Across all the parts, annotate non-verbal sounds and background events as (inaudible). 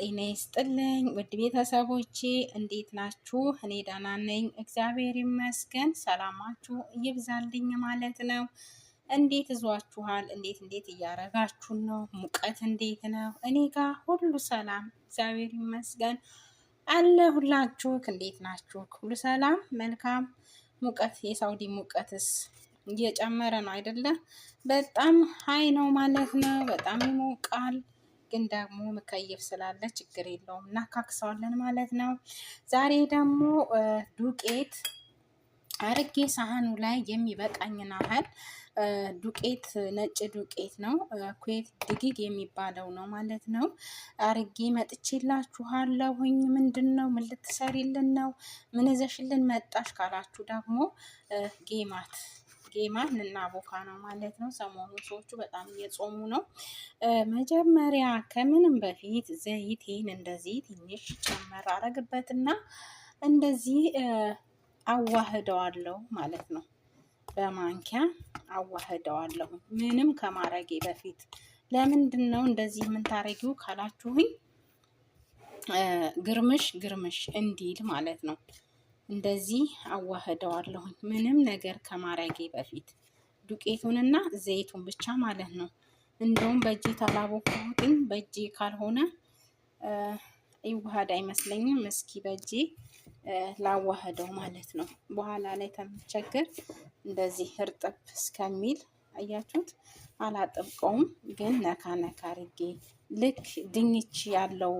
ጤና ይስጥልኝ ውድ ቤተሰቦቼ እንዴት ናችሁ? እኔ ደህና ነኝ፣ እግዚአብሔር ይመስገን። ሰላማችሁ ይብዛልኝ ማለት ነው። እንዴት እዟችኋል? እንዴት እንዴት እያረጋችሁ ነው? ሙቀት እንዴት ነው? እኔ ጋር ሁሉ ሰላም እግዚአብሔር ይመስገን አለ። ሁላችሁ እንዴት ናችሁ? ሁሉ ሰላም መልካም። ሙቀት የሳውዲ ሙቀትስ እየጨመረ ነው አይደለም? በጣም ሀይ ነው ማለት ነው። በጣም ይሞቃል። ግን ደግሞ መከየፍ ስላለ ችግር የለውም እናካክሰዋለን ማለት ነው። ዛሬ ደግሞ ዱቄት አርጌ ሳህኑ ላይ የሚበቃኝን ያህል ዱቄት ነጭ ዱቄት ነው ኩዌት ድግግ የሚባለው ነው ማለት ነው። አርጌ መጥቼላችኋለሁኝ። ምንድን ነው ምን ልትሰሪልን ነው ምን ይዘሽልን መጣሽ ካላችሁ ደግሞ ጌማት እና እናቦካ ነው ማለት ነው። ሰሞኑን ሰዎቹ በጣም እየጾሙ ነው። መጀመሪያ ከምንም በፊት ዘይቴን እንደዚህ ትንሽ ጨመር አረግበትና እንደዚህ አዋህደዋለሁ ማለት ነው። በማንኪያ አዋህደዋለሁ ምንም ከማረጌ በፊት። ለምንድን ነው እንደዚህ የምንታረጊው ካላችሁኝ ግርምሽ ግርምሽ እንዲል ማለት ነው። እንደዚህ አዋህደዋለሁኝ ምንም ነገር ከማረጌ በፊት ዱቄቱንና ዘይቱን ብቻ ማለት ነው። እንደውም በእጄ ተላቦኩትኝ በእጄ ካልሆነ ይዋሃድ አይመስለኝም። እስኪ በእጄ ላዋህደው ማለት ነው። በኋላ ላይ ከምቸገር እንደዚህ እርጥብ እስከሚል አያችሁት። አላጠብቀውም ግን ነካ ነካ አድርጌ ልክ ድንች ያለው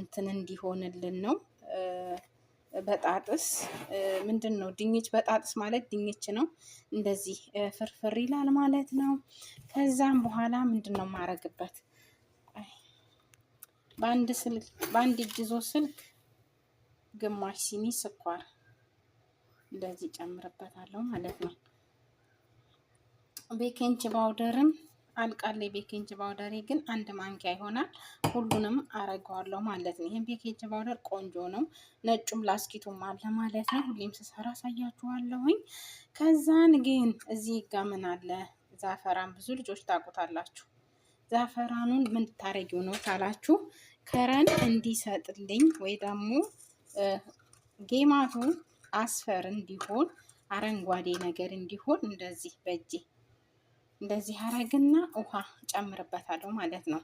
እንትን እንዲሆንልን ነው። በጣጥስ ምንድን ነው ድኝች? በጣጥስ ማለት ድኝች ነው። እንደዚህ ፍርፍር ይላል ማለት ነው። ከዛም በኋላ ምንድን ነው ማረግበት? በአንድ ስልክ በአንድ እጅ ይዞ ስልክ ግማሽ ሲኒ ስኳር እንደዚህ ጨምርበታለሁ ማለት ነው። ቤኪንግ ፓውደርም አልቃለ ቤኪንግ ፓውደሬ ግን አንድ ማንኪያ ይሆናል። ሁሉንም አረገዋለሁ ማለት ነው። ይህም ቤኪንግ ፓውደር ቆንጆ ነው። ነጩም ላስኪቱም አለ ማለት ነው። ሁሌም ስሰራ አሳያችኋለሁኝ። ከዛን ግን እዚህ ጋ ምን አለ? ዛፈራን ብዙ ልጆች ታውቁታላችሁ። ዛፈራኑን ምን ታረጊው ነው ካላችሁ፣ ከረን እንዲሰጥልኝ ወይ ደግሞ ጌማቱ አስፈር እንዲሆን አረንጓዴ ነገር እንዲሆን እንደዚህ በእጄ እንደዚህ አረግና ውሃ ጨምርበታለሁ ማለት ነው።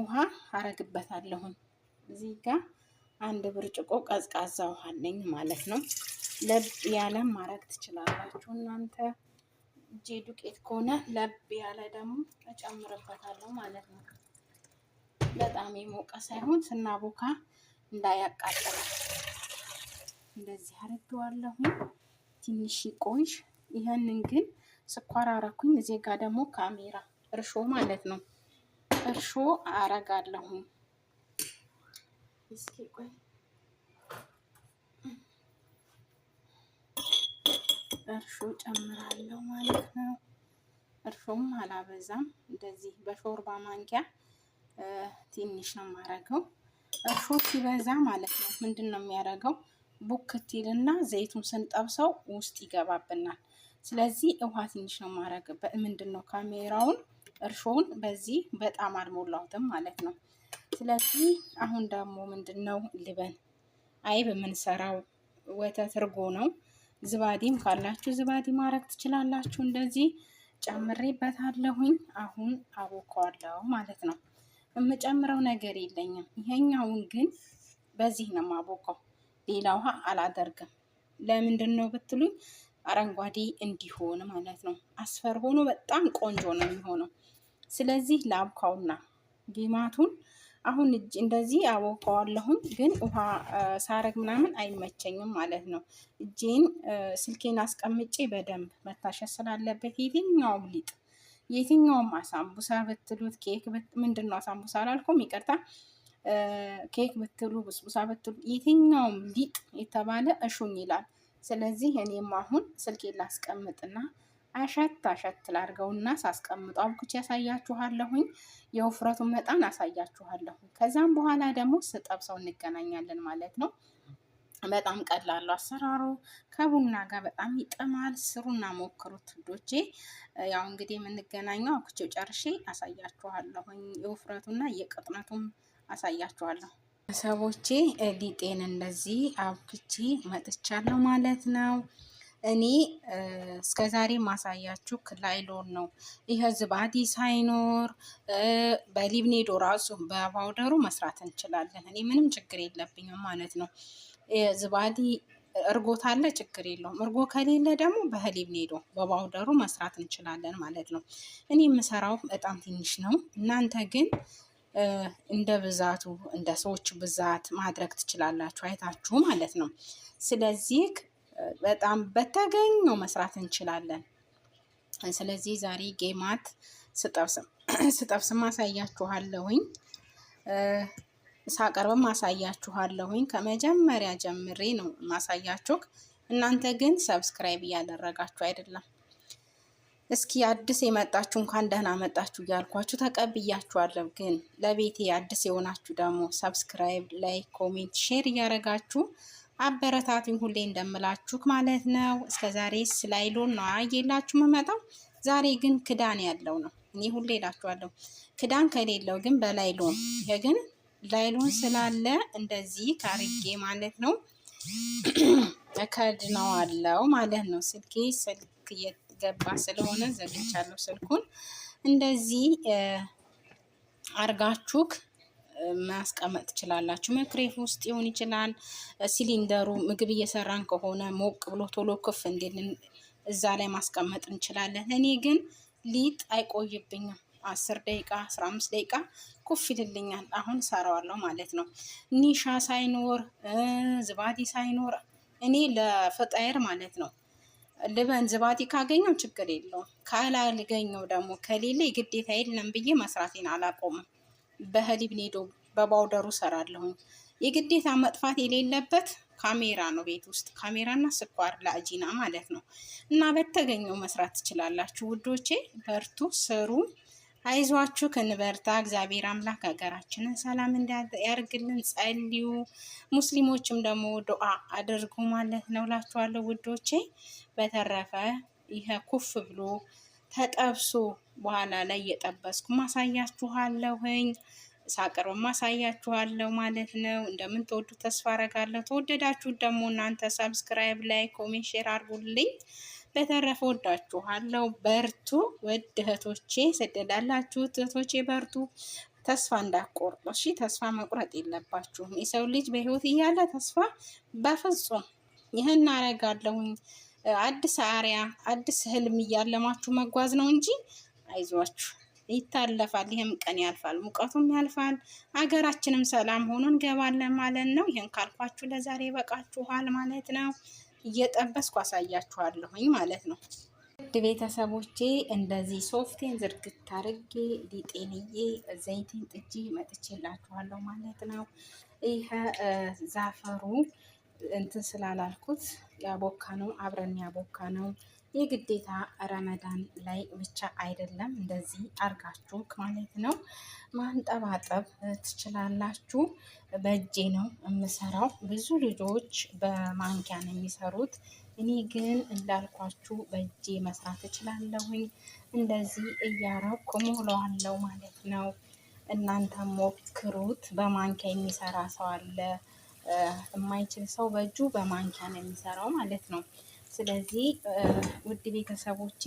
ውሃ አረግበታለሁን እዚህ ጋር አንድ ብርጭቆ ቀዝቃዛ ውሃ አለኝ ማለት ነው። ለብ ያለ ማረግ ትችላላችሁ እናንተ። እጄ ዱቄት ከሆነ ለብ ያለ ደግሞ እጨምርበታለሁ ማለት ነው። በጣም የሞቀ ሳይሆን ስናቦካ እንዳያቃጥል እንደዚህ አረገዋለሁ። ትንሽ ቆንሽ ይህንን ግን ስኳር አረኩኝ። እዚህ ጋር ደግሞ ካሜራ እርሾ ማለት ነው። እርሾ አረጋለሁ። እስኪ ቆይ እርሾ ጨምራለሁ ማለት ነው። እርሾም አላበዛም። እንደዚህ በሾርባ ማንኪያ ትንሽ ነው የማረገው። እርሾ ሲበዛ ማለት ነው ምንድን ነው የሚያደርገው? ቡክቲልና ዘይቱን ስንጠብሰው ውስጥ ይገባብናል። ስለዚህ ውሃ ትንሽ ነው ማድረግ ምንድን ነው ካሜራውን እርሾውን በዚህ በጣም አልሞላሁትም ማለት ነው። ስለዚህ አሁን ደግሞ ምንድን ነው ልበን አይብ የምንሰራው ወተት እርጎ ነው። ዝባዲም ካላችሁ ዝባዲ ማድረግ ትችላላችሁ። እንደዚህ ጨምሬበታለሁኝ። አሁን አቦከዋለሁ ማለት ነው። የምጨምረው ነገር የለኝም። ይሄኛውን ግን በዚህ ነው የማቦካው። ሌላ ውሃ አላደርግም። ለምንድን ነው ብትሉኝ አረንጓዴ እንዲሆን ማለት ነው። አስፈር ሆኖ በጣም ቆንጆ ነው የሚሆነው። ስለዚህ ላብካውና ጌማቱን አሁን እጅ እንደዚህ አቦካዋለሁኝ፣ ግን ውሃ ሳረግ ምናምን አይመቸኝም ማለት ነው። እጄን ስልኬን አስቀምጬ በደንብ መታሸት ስላለበት የትኛውም ሊጥ የትኛውም አሳምቡሳ ብትሉት ኬክ ምንድን ነው አሳምቡሳ አላልኩም ይቅርታ፣ ኬክ ብትሉ ብስቡሳ ብትሉ የትኛውም ሊጥ የተባለ እሹኝ ይላል። ስለዚህ እኔም አሁን ስልኬ ላስቀምጥና አሸት አሸት ላርገውና ሳስቀምጠው አብኩቼ ያሳያችኋለሁኝ። የውፍረቱን መጠን አሳያችኋለሁ። ከዛም በኋላ ደግሞ ስጠብሰው እንገናኛለን ማለት ነው። በጣም ቀላሉ አሰራሩ ከቡና ጋር በጣም ይጥማል። ስሩና ሞክሩት ውዶቼ። ያው እንግዲህ የምንገናኘው አብኩቼው ጨርሼ አሳያችኋለሁኝ። የውፍረቱና የቅጥነቱም አሳያችኋለሁ። ሰቦቼ ሊጤን እንደዚህ አብክቼ መጥቻለሁ ማለት ነው። እኔ እስከዛሬ ማሳያችሁ ክላይሎን ነው። ይህ ዝባዲ ሳይኖር በሊብኔዶ ራሱ በፓውደሩ መስራት እንችላለን። እኔ ምንም ችግር የለብኝም ማለት ነው። ዝባዲ እርጎ ታለ ችግር የለውም። እርጎ ከሌለ ደግሞ በሊብኔዶ በፓውደሩ መስራት እንችላለን ማለት ነው። እኔ የምሰራው በጣም ትንሽ ነው። እናንተ ግን እንደ ብዛቱ እንደ ሰዎች ብዛት ማድረግ ትችላላችሁ፣ አይታችሁ ማለት ነው። ስለዚህ በጣም በተገኘው መስራት እንችላለን። ስለዚህ ዛሬ ጌማት ስጠብስ ማሳያችኋለሁኝ፣ ሳቀርብም ማሳያችኋለሁኝ። ከመጀመሪያ ጀምሬ ነው ማሳያችሁ። እናንተ ግን ሰብስክራይብ እያደረጋችሁ አይደለም እስኪ አዲስ የመጣችሁ እንኳን ደህና መጣችሁ እያልኳችሁ ተቀብያችኋለሁ። ግን ለቤቴ አዲስ የሆናችሁ ደግሞ ሰብስክራይብ፣ ላይክ፣ ኮሜንት፣ ሼር እያደረጋችሁ አበረታቱኝ ሁሌ እንደምላችሁ ማለት ነው። እስከ ዛሬ ስላይሎን ነው አየላችሁ የምመጣው። ዛሬ ግን ክዳን ያለው ነው። እኔ ሁሌ እላችኋለሁ ክዳን ከሌለው ግን በላይሎን ይሄ ግን ላይሎን ስላለ እንደዚህ ካርጌ ማለት ነው (clears throat) እከድነዋለሁ ማለት ነው። ስልኬ ስልክ ገባ ስለሆነ ዘግቻለሁ ስልኩን። እንደዚህ አርጋችሁ ማስቀመጥ ትችላላችሁ። መክሬፍ ውስጥ ሊሆን ይችላል። ሲሊንደሩ ምግብ እየሰራን ከሆነ ሞቅ ብሎ ቶሎ ክፍ እንዲልን እዛ ላይ ማስቀመጥ እንችላለን። እኔ ግን ሊጥ አይቆይብኝም። አስር ደቂቃ አስራ አምስት ደቂቃ ኩፍ ይልልኛል። አሁን ሰራዋለሁ ማለት ነው። ኒሻ ሳይኖር ዝባዲ ሳይኖር እኔ ለፈጣየር ማለት ነው ልበን ካገኘው ችግር የለውም። ካላገኘው ደግሞ ከሌለ የግዴታ የለም ብዬ መስራቴን አላቆምም። በህሊብ ኔዶ በባውደሩ ሰራለሁ። የግዴታ መጥፋት የሌለበት ካሜራ ነው። ቤት ውስጥ ካሜራና ስኳር ለአጂና ማለት ነው። እና በተገኘው መስራት ትችላላችሁ ውዶቼ። በርቱ ስሩ። አይዟችሁ ክንበርታ። እግዚአብሔር አምላክ ሀገራችንን ሰላም እንዲያርግልን ጸልዩ። ሙስሊሞችም ደግሞ ዱዓ አድርጉ ማለት ነው ላችኋለሁ ውዶቼ። በተረፈ ይህ ኩፍ ብሎ ተጠብሶ በኋላ ላይ እየጠበስኩ ማሳያችኋለሁኝ ሳቅርብ ማሳያችኋለሁ ማለት ነው። እንደምትወዱ ተስፋ አረጋለሁ። ተወደዳችሁት ደግሞ እናንተ ሰብስክራይብ ላይ ኮሜንት ሼር አርጉልኝ። በተረፈ ወዳችኋለሁ። በርቱ ወድ እህቶቼ፣ ስደት ላላችሁት እህቶቼ በርቱ። ተስፋ እንዳትቆርጡ እሺ። ተስፋ መቁረጥ የለባችሁም። የሰው ልጅ በህይወት እያለ ተስፋ በፍጹም ይህን አረጋለሁኝ አዲስ አሪያ አዲስ ህልም እያለማችሁ መጓዝ ነው እንጂ አይዟችሁ፣ ይታለፋል። ይህም ቀን ያልፋል፣ ሙቀቱም ያልፋል። አገራችንም ሰላም ሆኖ እንገባለን ማለት ነው። ይህን ካልኳችሁ ለዛሬ ይበቃችኋል ማለት ነው። እየጠበስኩ አሳያችኋለሁኝ ማለት ነው። ውድ ቤተሰቦቼ እንደዚህ ሶፍቴን ዝርግት አድርጌ ሊጤንዬ ዘይቴን ጥጄ መጥቼላችኋለሁ ማለት ነው። ይህ ዛፈሩ እንትን ስላላልኩት ያቦካ ነው አብረን ያቦካ ነው የግዴታ ረመዳን ላይ ብቻ አይደለም፣ እንደዚህ አርጋችሁ ማለት ነው ማንጠባጠብ ትችላላችሁ። በእጄ ነው የምሰራው። ብዙ ልጆች በማንኪያ ነው የሚሰሩት። እኔ ግን እንዳልኳችሁ በእጄ መስራት እችላለሁኝ። እንደዚህ እያረኩ ሞላዋለሁ ማለት ነው። እናንተ ሞክሩት። በማንኪያ የሚሰራ ሰው አለ፣ የማይችል ሰው በእጁ በማንኪያ ነው የሚሰራው ማለት ነው። ስለዚህ ውድ ቤተሰቦቼ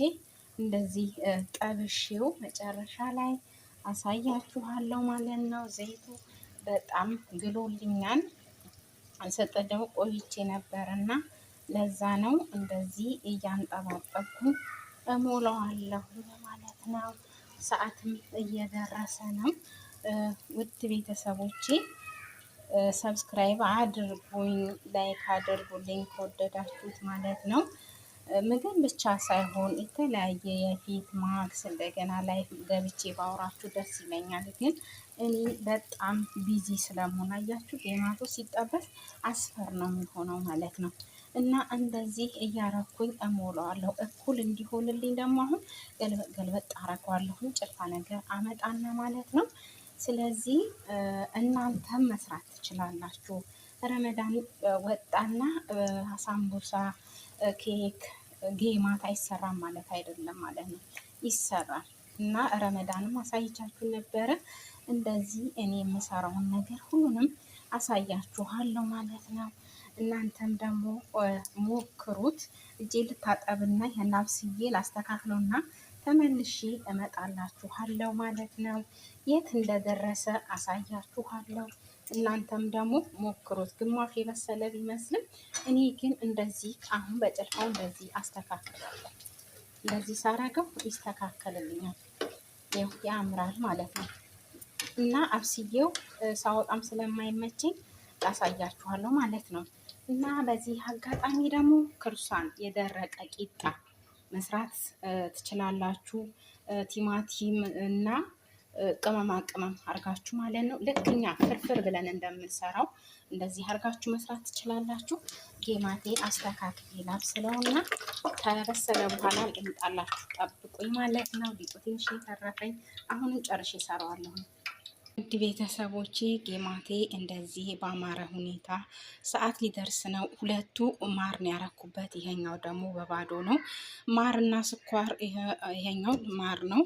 እንደዚህ ጠብሼው መጨረሻ ላይ አሳያችኋለሁ ማለት ነው። ዘይቱ በጣም ግሎልኛል። ስጥደው ቆይቼ ነበር እና ለዛ ነው እንደዚህ እያንጠባጠብኩ እሞላዋለሁ ማለት ነው። ሰዓትም እየደረሰ ነው ውድ ቤተሰቦቼ ሰብስክራይብ አድርጉኝ፣ ላይክ አድርጉልኝ ከወደዳችሁት ማለት ነው። ምግብ ብቻ ሳይሆን የተለያየ የፊት ማክስ እንደገና ላይ ገብቼ ባውራችሁ ደስ ይለኛል። ግን እኔ በጣም ቢዚ ስለመሆን አያችሁ፣ ጌማቶ ሲጠበስ አስፈር ነው የሚሆነው ማለት ነው። እና እንደዚህ እያረኩኝ እሞላዋለሁ። እኩል እንዲሆንልኝ ደግሞ አሁን ገልበጥ ገልበጥ አረገዋለሁ። ጭልፋ ነገር አመጣና ማለት ነው ስለዚህ እናንተም መስራት ትችላላችሁ። ረመዳን ወጣና ሳምቡሳ፣ ኬክ፣ ጌማት አይሰራም ማለት አይደለም ማለት ነው፣ ይሰራል። እና ረመዳንም አሳይቻችሁ ነበረ። እንደዚህ እኔ የምሰራውን ነገር ሁሉንም አሳያችኋለሁ ማለት ነው። እናንተም ደግሞ ሞክሩት። እጄ ልታጠብና የናብስዬ ላስተካክለውና ተመልሼ እመጣላችኋለሁ ማለት ነው። የት እንደደረሰ አሳያችኋለሁ። እናንተም ደግሞ ሞክሩት። ግማሽ የበሰለ ቢመስልም እኔ ግን እንደዚህ አሁን በጭልፋው እንደዚህ አስተካክላለሁ። እንደዚህ ሳረገው ይስተካከልልኛል፣ ያምራል ማለት ነው። እና አብስዬው ሳወጣም ስለማይመቸኝ ያሳያችኋለሁ ማለት ነው። እና በዚህ አጋጣሚ ደግሞ ክርሷን የደረቀ ቂጣ መስራት ትችላላችሁ። ቲማቲም እና ቅመማ ቅመም አርጋችሁ ማለት ነው። ልክኛ ፍርፍር ብለን እንደምንሰራው እንደዚህ አርጋችሁ መስራት ትችላላችሁ። ጌማቴ ላብ ላብስለውና ከበሰለ በኋላ ልምጣላችሁ፣ ጠብቁኝ ማለት ነው። ሊጡ ትንሽ የተረፈኝ አሁንም ጨርሼ እሰራዋለሁ። ውድ ቤተሰቦቼ ጌማቴ እንደዚህ በአማረ ሁኔታ ሰዓት ሊደርስ ነው። ሁለቱ ማር ነው ያረኩበት፣ ይሄኛው ደግሞ በባዶ ነው። ማርና ስኳር ይሄኛው ማር ነው።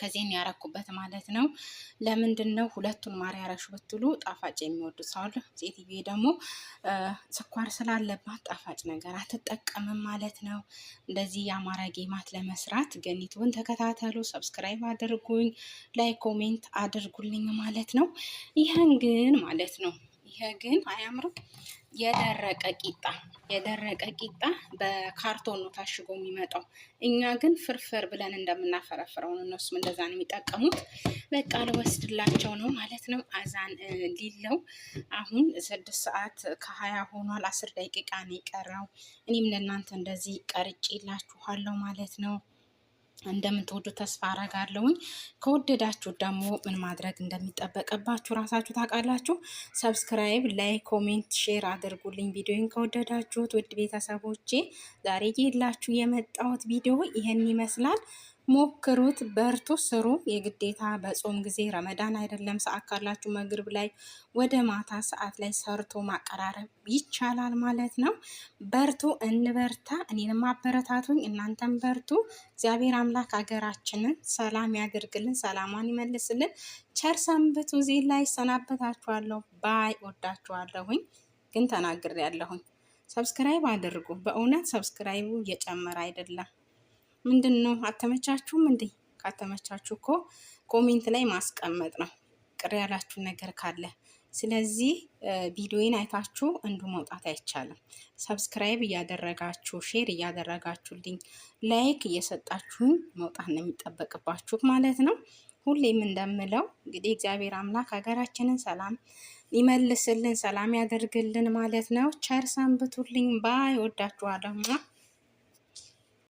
ከዚህን ያረኩበት ማለት ነው። ለምንድን ነው ሁለቱን ማር ያረሹ ብትሉ ጣፋጭ የሚወዱ ሰዋል። ሴትዬ ደግሞ ስኳር ስላለባት ጣፋጭ ነገር አትጠቀምም ማለት ነው። እንደዚህ የአማራ ጌማት ለመስራት ገኒቱን ተከታተሉ፣ ሰብስክራይብ አድርጉኝ፣ ላይ ኮሜንት አድርጉልኝ ማለት ነው። ይህን ግን ማለት ነው ይሄ ግን አያምርም። የደረቀ ቂጣ የደረቀ ቂጣ በካርቶን ነው ታሽጎ የሚመጣው። እኛ ግን ፍርፍር ብለን እንደምናፈረፍረው ነው። እነሱም እንደዛ ነው የሚጠቀሙት። በቃ ልወስድላቸው ነው ማለት ነው። አዛን ሊለው አሁን ስድስት ሰዓት ከሀያ ሆኗል። አስር ደቂቃ ነው የቀረው። እኔም ለእናንተ እንደዚህ ቀርጬላችኋለሁ ማለት ነው። እንደምትወዱ ተስፋ አረጋለሁኝ። ከወደዳችሁ ደግሞ ምን ማድረግ እንደሚጠበቅባችሁ ራሳችሁ ታውቃላችሁ። ሰብስክራይብ፣ ላይ ኮሜንት፣ ሼር አድርጉልኝ ቪዲዮን ከወደዳችሁት። ውድ ቤተሰቦቼ ዛሬ ይዤላችሁ የመጣሁት ቪዲዮ ይህን ይመስላል። ሞክሩት፣ በርቱ፣ ስሩ። የግዴታ በጾም ጊዜ ረመዳን አይደለም ሰዓት ካላችሁ መግሪብ ላይ ወደ ማታ ሰዓት ላይ ሰርቶ ማቀራረብ ይቻላል ማለት ነው። በርቱ፣ እንበርታ። እኔንም አበረታቱኝ፣ እናንተም በርቱ። እግዚአብሔር አምላክ ሀገራችንን ሰላም ያድርግልን፣ ሰላሟን ይመልስልን። ቸር ሰንብቱ። እዚህ ላይ ሰናበታችኋለሁ። ባይ ወዳችኋለሁኝ፣ ግን ተናግሬያለሁኝ። ሰብስክራይብ አድርጉ። በእውነት ሰብስክራይቡ እየጨመረ አይደለም። ምንድን ነው አተመቻችሁም እንዴ? ካተመቻችሁ እኮ ኮሜንት ላይ ማስቀመጥ ነው ቅር ያላችሁ ነገር ካለ። ስለዚህ ቪዲዮን አይታችሁ እንዱ መውጣት አይቻልም። ሰብስክራይብ እያደረጋችሁ ሼር እያደረጋችሁልኝ ላይክ እየሰጣችሁኝ መውጣት ነው የሚጠበቅባችሁ ማለት ነው። ሁሌም እንደምለው እንግዲህ እግዚአብሔር አምላክ ሀገራችንን ሰላም ይመልስልን፣ ሰላም ያደርግልን ማለት ነው። ቸር ሰንብቱልኝ። ባይ ወዳችኋለሁ።